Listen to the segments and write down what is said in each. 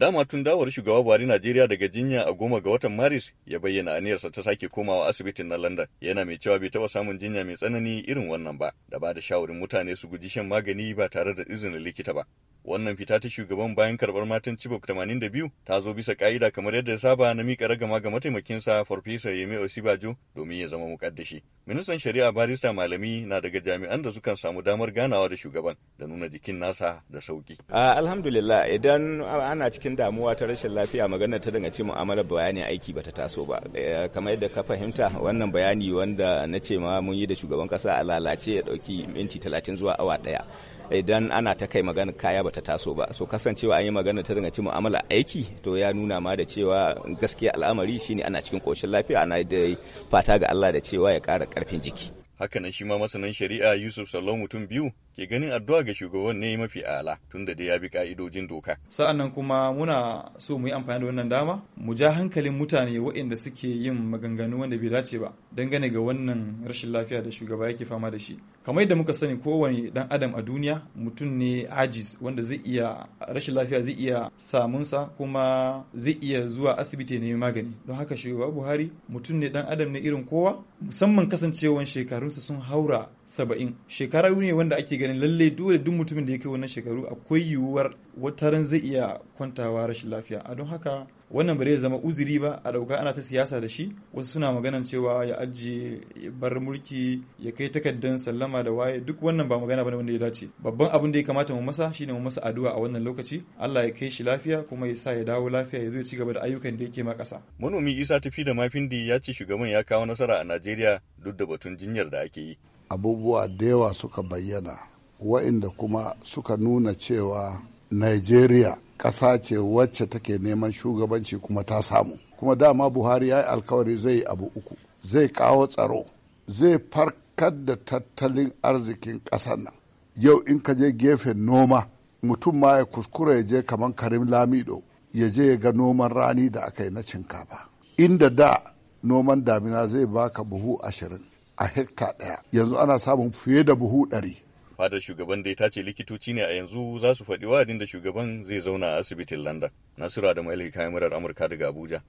Dama tun dawar shugaba Buhari Najeriya daga jinya a goma ga watan Maris ya bayyana aniyarsa ta sake komawa asibitin na London. Yana mai cewa bai taɓa samun jinya mai tsanani irin wannan ba, da ba da shawarin mutane su guji shan magani ba tare da izinin likita ba. Wannan fita ta shugaban bayan karbar matan cibok 82 ta zo bisa ka'ida kamar yadda saba na mika ragama ga mataimakinsa Farfesa Yemi Osibajo domin ya zama mukaddashi. Ministan Shari'a Barista Malami na daga jami'an da sukan samu damar ganawa da shugaban da nuna jikin nasa da sauki. Alhamdulillah idan ana cikin damuwa ta rashin lafiya magana ta daga ce mu'amalar bayani aiki bata taso ba. Eh, kamar yadda ka fahimta wannan bayani wanda na ce ma mun yi da shugaban kasa a lalace ya ɗauki minti talatin zuwa awa daya Idan ana ta kai magana kaya bata taso ba so kasancewa an yi magana ta danganci mu'amala aiki to ya nuna ma da cewa gaskiya al'amari shine ana cikin koshin lafiya ana da fata ga Allah da cewa ya ƙara ƙarfin jiki hakanan shi ma masanin shari'a Yusuf Sallon mutum biyu ke ganin addu'a ga shugaban ne mafi ala tun da dai ya bi ka'idojin doka. sa'an nan kuma muna so mu yi amfani da wannan dama mu ja hankalin mutane waɗanda suke yin maganganu wanda bai dace ba dangane ga wannan rashin lafiya da shugaba yake fama da shi. Kamar yadda muka sani kowane dan adam a duniya mutum ne ajiz wanda zai iya rashin lafiya zai iya samunsa kuma zai iya zuwa asibiti ne magani. Don haka shugaba Buhari mutum ne dan adam ne irin kowa musamman kasancewan shekarunsa sun haura saba'in shekaru ne wanda ake ganin ganin lalle dole duk mutumin da ya kai wannan shekaru akwai yiwuwar wataran zai iya kwantawa rashin lafiya a don haka wannan ba zai zama uzuri ba a dauka ana ta siyasa da shi wasu suna maganan cewa ya ajiye bar mulki ya kai takaddan sallama da waye duk wannan ba magana bane wanda ya dace babban abin da ya kamata mu masa shine mu masa addu'a a wannan lokaci Allah ya kai shi lafiya kuma ya sa ya dawo lafiya ya zo ci gaba da ayyukan da yake ma kasa manomi Isa Tafi da Mafindi ya ce shugaban ya kawo nasara a Najeriya duk da batun jinyar da ake yi abubuwa da yawa suka bayyana wa'inda kuma suka nuna cewa Nigeria ƙasa ce wacce take neman shugabanci kuma ta samu. Kuma dama Buhari ya yi alkawari zai yi abu uku, zai kawo tsaro, zai farkar da tattalin arzikin ƙasar nan. Yau in ka je gefen noma, mutum ma ya kuskura ya je kamar Karim Lamido, ya je ya ga noman rani da aka yi na shinkafa. Inda da noman damina zai baka buhu ashirin a hekta ɗaya, yanzu ana samun fiye da buhu ɗari. fadar shugaban dai ta ce likitoci ne a yanzu za su faɗi wa'adin da shugaban zai zauna a asibitin london nasiru da kayan murar amurka daga abuja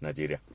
najeriya